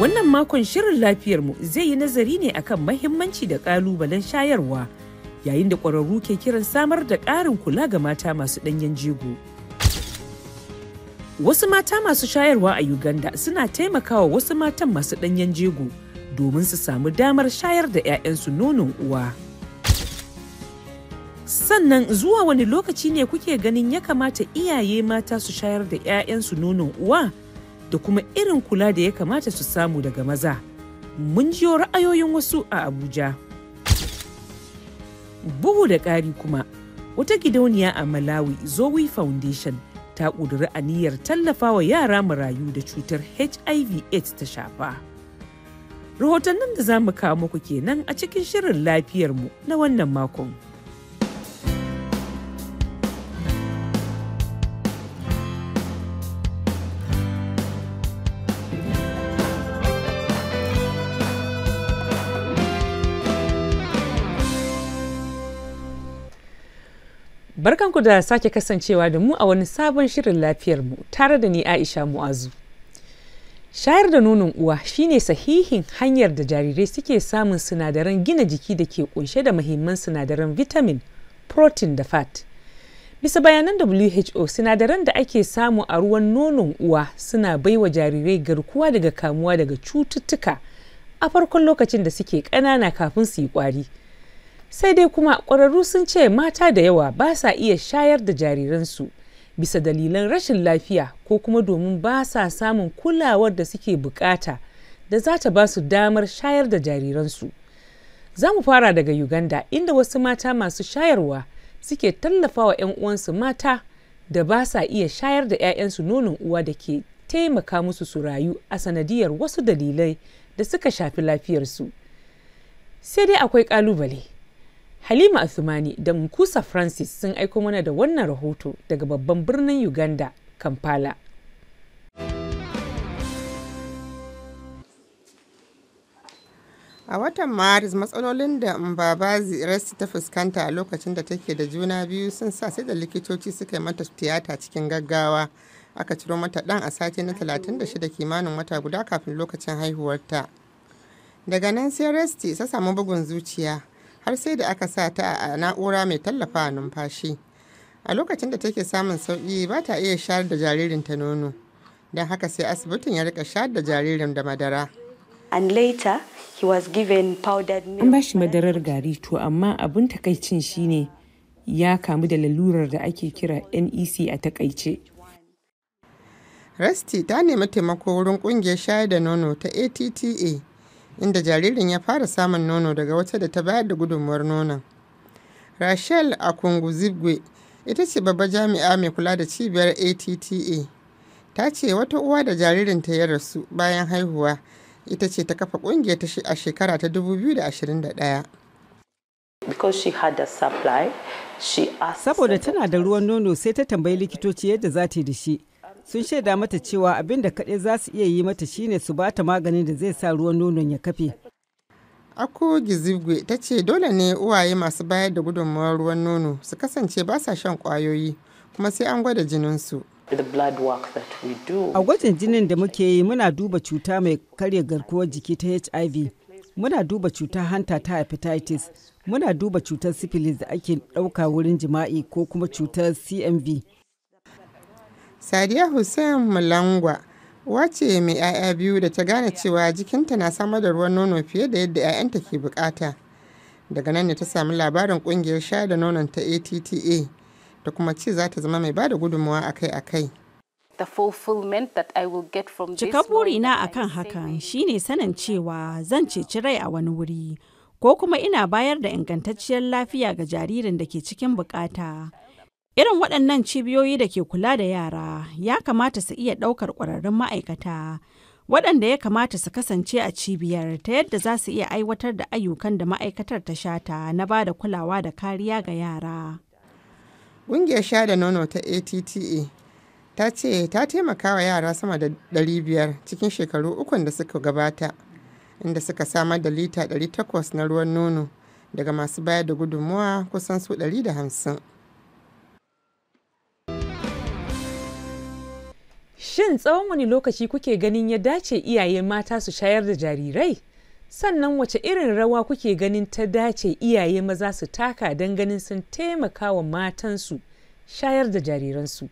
Wannan makon shirin lafiyar mu zai yi nazari ne akan mahimmanci da ƙalubalen shayarwa yayin da ƙwararru ke kiran samar da ƙarin kula ga mata masu ɗanyen jego. Wasu mata masu shayarwa a Uganda suna taimakawa wasu matan masu ɗanyen jego domin su samu damar shayar da 'ya'yansu nonon uwa. sannan zuwa wani lokaci ne kuke ganin ya kamata iyaye mata su shayar da 'ya'yansu nonon uwa da kuma irin kula da ya kamata su samu daga maza. Mun jiyo ra'ayoyin wasu a Abuja. Buhu da ƙari kuma, wata gidauniya a Malawi Zowi Foundation ta ƙudiri aniyar wa yara marayu da cutar HIV AIDS ta shafa. Rahotannin da za mu kawo muku kenan a cikin shirin lafiyar mu, na wannan makon. Barkanku da sake kasancewa da mu a wani sabon shirin lafiyar mu tare da ni Aisha Mu'azu. Shayar da nonon uwa shine sahihin hanyar da jarirai suke samun sinadaran gina jiki da ke kunshe da muhimman sinadaran vitamin, protein da fat. Bisa bayanan WHO sinadaran da ake samu a ruwan nonon uwa suna baiwa jarirai garkuwa daga kamuwa daga cututtuka a farkon lokacin da suke ƙanana kafin su yi ƙwari. sai dai kuma ƙwararru sun ce mata da yawa ba sa iya shayar da jariransu bisa dalilan rashin lafiya ko kuma domin ba sa samun kulawar da suke bukata da za ta ba su damar shayar da jariransu za mu fara daga uganda inda wasu mata masu shayarwa suke tallafawa 'yan uwansu mata da ba sa iya shayar da 'ya'yansu nonon uwa da ke taimaka musu su rayu a sanadiyar wasu dalilai da suka shafi lafiyarsu sai dai akwai kalubale Halima Asumani da Mkusa Francis sun aiko mana da wannan rahoto daga babban birnin Uganda, Kampala. A watan Maris matsalolin da Mbabazi resti ta fuskanta a lokacin da take da juna biyu sun sa sai da likitoci suka yi mata tiyata cikin gaggawa. Aka ciro mata ɗan a sati na 36 kimanin wata guda kafin lokacin haihuwarta. Daga nan sai Resti ta samu bugun zuciya. har sai da aka sa ta a na'ura mai tallafa numfashi a lokacin da take samun sauƙi ba ta iya shayar da jaririnta nono don haka sai asibitin ya rika shayar da jaririn da madara and later he was given powdered milk an shi madarar gari to amma abin takaicin shine ya kamu da lalurar da ake kira NEC a takaice Rasti ta nemi taimako wurin kungiyar shayar da nono ta ATTA inda jaririn ya fara samun nono daga wata da ta bayar da gudunmuwar nonon. Rachel Akunguzigwe ita ce babbar jami'a mai kula da cibiyar ATTA. Ta ce wata uwa da jaririnta ya rasu bayan haihuwa ita ce ta kafa kungiyar ta a shekara ta 2021. Saboda tana da ruwan nono sai ta tambayi likitoci yadda za ta yi da shi. sun shaida mata cewa abin da kaɗai za su iya yi mata shine su ba ta maganin da zai sa ruwan nonon ya kafe. Ako Gizigwe ta ce dole ne uwaye masu bayar da gudunmawar ruwan nono su kasance ba sa shan kwayoyi kuma sai an gwada jininsu. A gwajin jinin da muke yi muna duba cuta mai karya garkuwar jiki ta HIV, muna duba cuta hanta ta hepatitis, muna duba cutar syphilis da ake ɗauka wurin jima'i ko kuma cutar CMV. Sadiya Hussein Mulangwa wace mai 'ya'ya biyu da ta gane cewa jikinta na samar da ruwan nono fiye da yadda 'ya'yanta ke bukata. Daga nan ne ta sami labarin kungiyar sha da nonon ta ATTA ta kuma ce za ta zama mai bada gudunmawa akai-akai. Cika burina a kan hakan shine sanin cewa zan ceci rai a wani wuri ko kuma ina bayar da ingantacciyar lafiya ga jaririn da ke cikin bukata Irin waɗannan cibiyoyi da ke kula da yara ya kamata su iya ɗaukar ƙwararrun ma'aikata waɗanda ya kamata su kasance a cibiyar ta yadda za su iya aiwatar da ayyukan da ma'aikatar ta shata na ba da kulawa da kariya ga yara. Ƙungiyar sha da nono ta ATTA e ta ce ta taimaka wa yara sama da 500 cikin shekaru ukun da suka gabata inda suka samar da lita 800 na ruwan nono daga masu bayar da gudunmuwa kusan su 150. Shin tsawon wani lokaci kuke ganin ya dace iyaye mata su shayar da jarirai? Sannan wace irin rawa kuke ganin ta dace iyaye maza su taka don ganin sun taimaka wa matansu shayar da jariransu?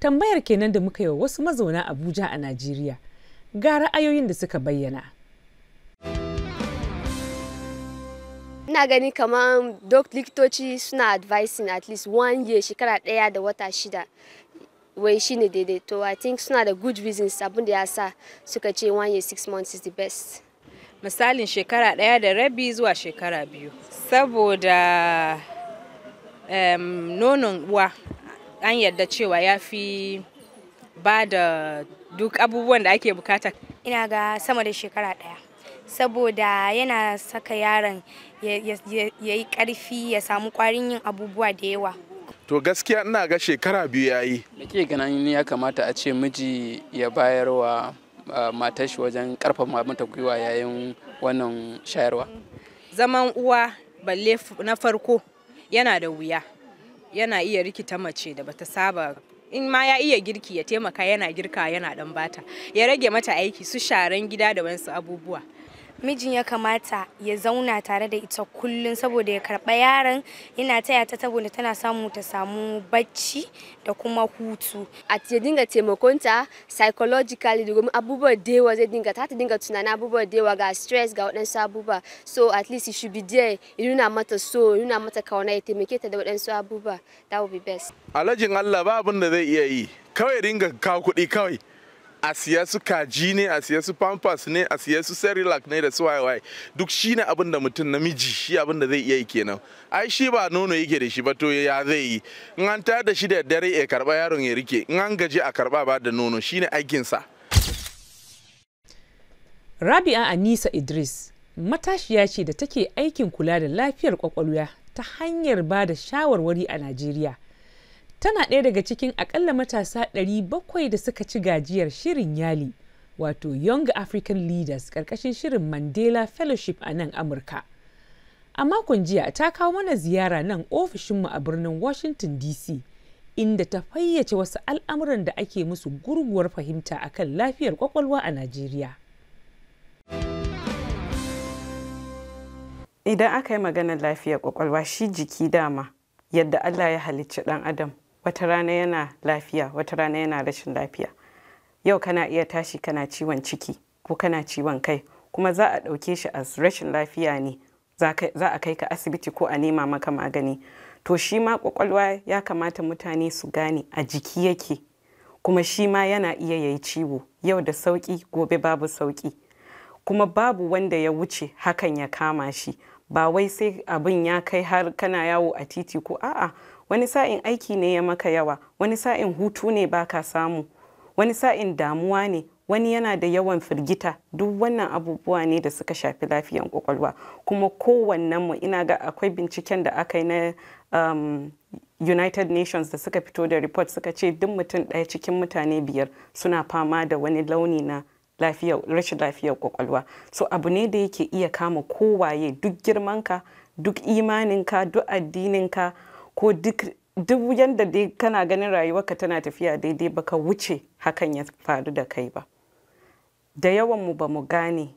Tambayar kenan da muka yi wa wasu mazauna Abuja a Najeriya. Ga ra'ayoyin da suka bayyana. ina gani kamar dok likitoci suna advising at least one year shekara ɗaya da wata shida wai ne daidai to i think suna da good reasons abin da ya sa suka ce one year six months is the best misalin shekara daya da rabi zuwa shekara biyu saboda um, nonon uwa an yarda cewa ya fi ba da duk abubuwan da ake bukata ina ga sama da shekara daya. saboda yana saka yaron ya yi karfi ya samu kwarin yin abubuwa da yawa to gaskiya ina ga shekara biyu ya yi da ke ganin ya kamata a ce miji ya bayarwa wa matar shi wajen karfafa mata gwiwa yayin wannan shayarwa zaman uwa balle na farko yana da wuya yana iya rikita mace da bata saba in ma ya iya girki ya taimaka yana girka yana dan bata ya rage mata aiki su sharan gida da wasu abubuwa mijin ya kamata ya zauna tare da ita kullum saboda ya karba yaran yana taya ta saboda tana samu ta samu bacci da kuma hutu a ya dinga taimakonta psychologically domin abubuwa dewa zai dinga ta ta dinga tunanin abubuwa dewa ga stress ga waɗansu abubuwa so at least you should be there ya nuna mata so ya nuna mata kauna ya taimake ta da waɗansu abubuwa that would be best alhajin Allah ba abin da zai iya yi kawai dinga kawo kuɗi kawai a siya su kaji ne a su pampers ne a siya su cerilac ne da su waye duk shi ne abin da mutum namiji shi abin da zai iya yi kenan ai shi ba nono yake da shi ba to ya zai yi in an ta da shi da dare ya karba yaron ya rike in an gaji a karba ba da nono shi ne aikinsa Rabi'a Anisa Idris matashiya ce da take aikin kula da lafiyar kwakwalwa ta hanyar ba da shawarwari a Najeriya. tana ɗaya daga cikin akalla matasa 700 da suka ci gajiyar shirin yali wato young african leaders ƙarƙashin shirin mandela fellowship a nan amurka a makon jiya ta kawo mana ziyara nan ofishinmu a birnin washington dc inda ta fayyace wasu al'amuran da ake musu gurguwar fahimta akan lafiyar kwakwalwa a najeriya idan aka yi maganar lafiyar kwakwalwa shi jiki dama yadda allah ya halicci dan adam wata rana yana lafiya wata rana yana rashin lafiya yau kana iya tashi kana ciwon ciki ko kana ciwon kai kuma za a ɗauke shi a rashin lafiya ne za a kai ka asibiti ko a nema maka magani to shi ma kwakwalwa ya kamata mutane su gane a jiki yake kuma shi ma yana iya yayi ciwo yau da sauƙi gobe babu sauƙi kuma babu wanda ya wuce hakan ya kama shi ba wai sai abin ya kai har kana yawo a titi ko a'a wani sa'in aiki ne ya maka yawa wani sa'in hutu ne baka samu wani sa'in damuwa ne wani yana da yawan firgita duk wannan abubuwa ne da suka shafi lafiyan kwakwalwa kuma kowannenmu ina ga akwai binciken da aka yi na um, united nations da suka fito da report suka ce duk mutum ɗaya cikin mutane biyar suna fama da wani launi na rashin lafiyar kwakwalwa so abu ne da yake iya kama kowaye duk girmanka duk imaninka duk addininka ko duk duk yadda dai kana ganin rayuwarka tana tafiya daidai baka wuce hakan ya faru da kai ba da yawan mu ba mu gane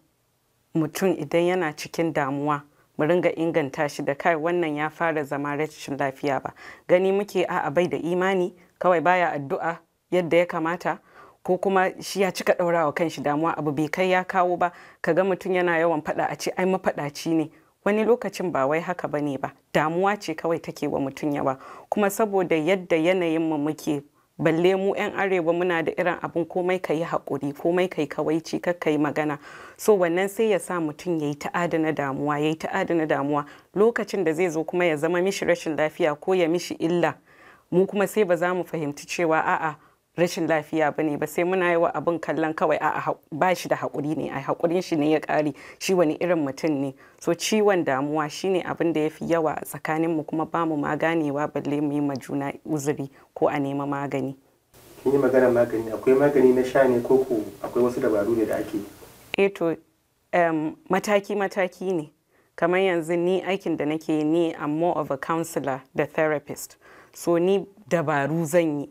mutum idan yana cikin damuwa mu ringa inganta shi da kai wannan ya fara zama rashin lafiya ba gani muke a'a bai da imani kawai baya addu'a yadda ya kamata ko kuma shi ya cika ɗaurawa kanshi damuwa abu bai kai ya kawo ba ka ga mutum yana yawan faɗa a ce ai mafaɗaci ne wani lokacin ba wai haka bane ba damuwa ce kawai take wa mutum yawa kuma saboda yadda yanayin mu muke balle mu 'yan arewa muna da irin abin komai kayi yi haƙuri komai kai yi kawaici ka yi magana so wannan sai ya sa mutum yayi yi ta adana damuwa yayi yi ta adana damuwa lokacin da zai zo kuma ya zama mishi rashin lafiya ko ya mishi illa mu kuma sai ba za mu fahimci cewa a'a rashin lafiya ba ne ba sai muna yi wa abin kallon kawai a ba shi da haƙuri ne a haƙurin shi ne ya ƙare shi wani irin mutum ne so ciwon damuwa shi ne abin da ya fi yawa a tsakanin mu kuma ba mu ma ganewa balle mu yi ma juna uzuri ko a nema magani kin yi magana magani akwai magani na sha ne ko akwai wasu dabaru ne da ake e to mataki mataki ne kamar yanzu ni aikin da nake ni am more of a counselor da therapist so ni dabaru zan yi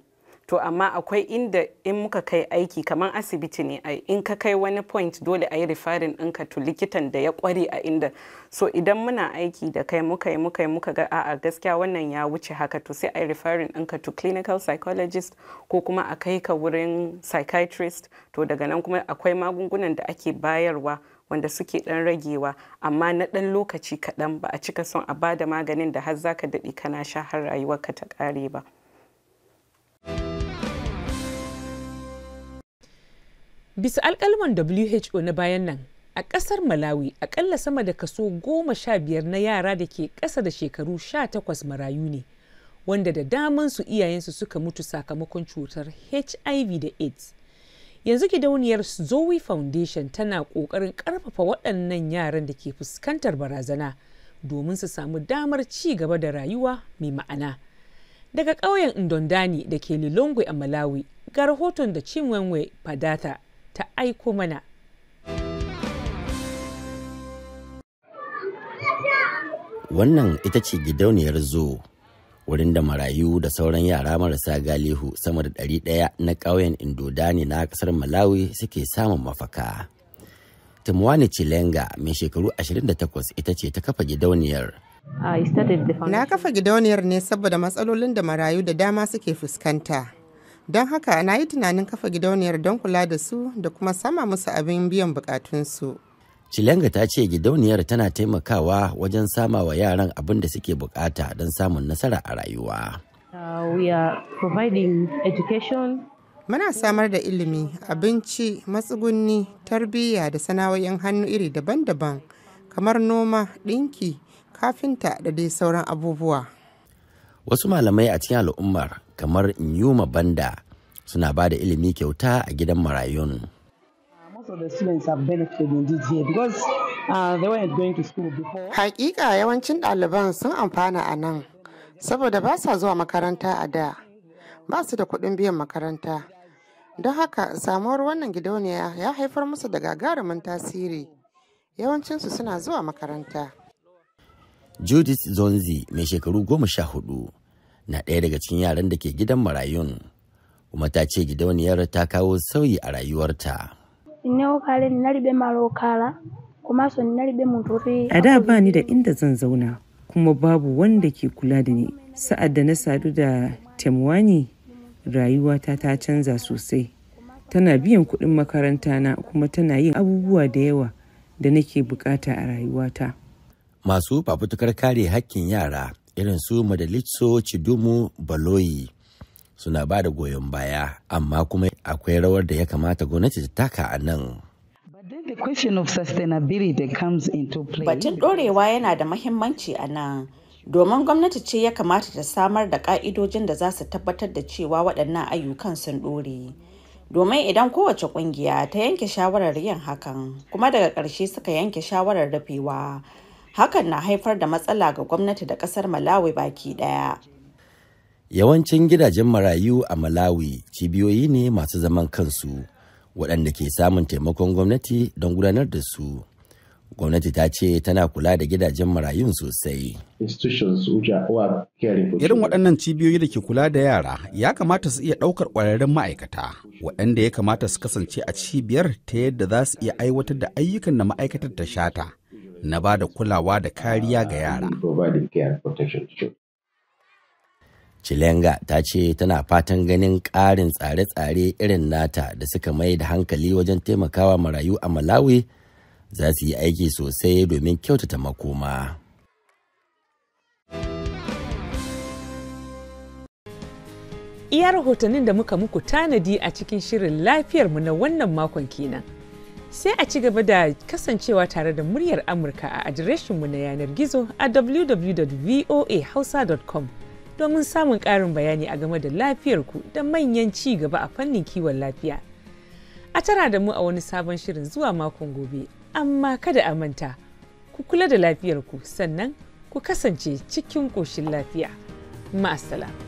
to amma akwai inda in muka kai aiki kamar asibiti ne ai in ka kai wani point dole a yi rifarin ɗinka to likitan da ya kware a inda so idan muna aiki da kai muka yi muka yi muka ga a'a gaskiya wannan ya wuce haka to sai a yi rifarin ɗinka to clinical psychologist ko kuma a kai ka wurin psychiatrist to daga nan kuma akwai magungunan da ake bayarwa wanda suke dan ragewa amma na dan lokaci kaɗan ba a cika son a bada maganin da har zaka daɗe kana sha har rayuwarka ta ƙare ba. bisa alkalman who na bayan nan a kasar malawi akalla sama da kaso goma sha biyar na yara da ke kasa da shekaru sha takwas marayu ne wanda da daman su iyayensu suka mutu sakamakon cutar hiv da aids yanzu gidauniyar zoe foundation tana kokarin karfafa waɗannan yaran da ke fuskantar barazana domin su samu damar ci gaba da rayuwa mai ma'ana daga ƙauyen indondani da ke lilongwe a malawi ga rahoton da chimwenwe padata ta aiko mana. Wannan ita ce gidauniyar zo wurin da marayu da sauran yara marasa galihu sama da ɗari ɗaya na ƙauyen Indodani na ƙasar Malawi suke samun mafaka. Timwani Chilenga mai shekaru 28 ita ce ta kafa gidauniyar. Na kafa gidauniyar ne saboda matsalolin da marayu da dama suke fuskanta. don haka na yi tunanin kafa gidauniyar don kula da su da kuma sama musu abin biyan bukatunsu. Chilenga ta ce gidauniyar tana taimakawa wajen sama wa yaran abin da suke bukata don samun nasara a rayuwa. Uh, Muna samar da ilimi, abinci, matsugunni, tarbiyya da sana'o'in hannu iri daban-daban kamar noma, ɗinki, kafinta da dai sauran abubuwa. Wasu malamai a cikin al'ummar kamar Nyuma Banda suna ba da ilimi kyauta a gidan marayun. Hakika yawancin ɗaliban sun amfana a nan saboda ba sa zuwa makaranta a da ba su da kuɗin biyan makaranta. Don haka samuwar wannan gidauniya ya haifar musu da gagarumin tasiri yawancinsu suna zuwa makaranta. Judith Zonzi mai shekaru goma sha hudu na ɗaya daga cikin yaran da ke gidan marayun kuma ta ce gidauniyar ta kawo sauyi a rayuwarta. A da ba ni da inda zan zauna kuma babu wanda ke kula da ni. Sa'ad da na sadu da Temwani rayuwata ta canza sosai. Tana biyan kuɗin makaranta na kuma tana yin abubuwa da yawa da nake bukata a rayuwata. Masu fafutukar kare hakkin yara irin su madalitso chidumu baloyi suna ba da goyon baya amma kuma akwai rawar da ya kamata gwamnati ta taka a nan batun dorewa yana da mahimmanci a nan domin gwamnati ce ya kamata ta samar da ka'idojin da za su tabbatar da cewa waɗannan ayyukan sun ɗore domin idan kowace ƙungiya ta yanke shawarar yin hakan kuma daga ƙarshe suka yanke shawarar rufewa hakan na haifar da matsala ga gwamnati da kasar malawi baki daya yawancin gidajen marayu a malawi cibiyoyi ne masu zaman kansu waɗanda ke samun taimakon gwamnati don gudanar da su gwamnati ta ce tana kula da gidajen marayun sosai. Irin waɗannan cibiyoyi da ke kula da yara ya kamata su iya ɗaukar ƙwararrun ma'aikata waɗanda ya kamata su kasance a cibiyar ta yadda za su iya aiwatar da ayyukan da ma'aikatar ta shata na ba da kulawa da kariya ga yara. Chilenga ta ce tana fatan ganin ƙarin tsare-tsare irin nata da suka mai da hankali wajen taimakawa marayu a Malawi za su yi aiki sosai domin kyautata makoma. Iya rahotannin da muka muku tanadi a cikin shirin lafiyarmu na wannan makon kenan. sai a ci gaba da kasancewa tare da muryar amurka a adireshinmu na yanar gizo a www.voahausa.com domin samun ƙarin bayani a game da lafiyarku da manyan ci gaba a fannin kiwon lafiya a tara da mu a wani sabon shirin zuwa makon gobe amma kada a manta ku kula da lafiyarku sannan ku kasance cikin ƙoshin lafiya ma'asala.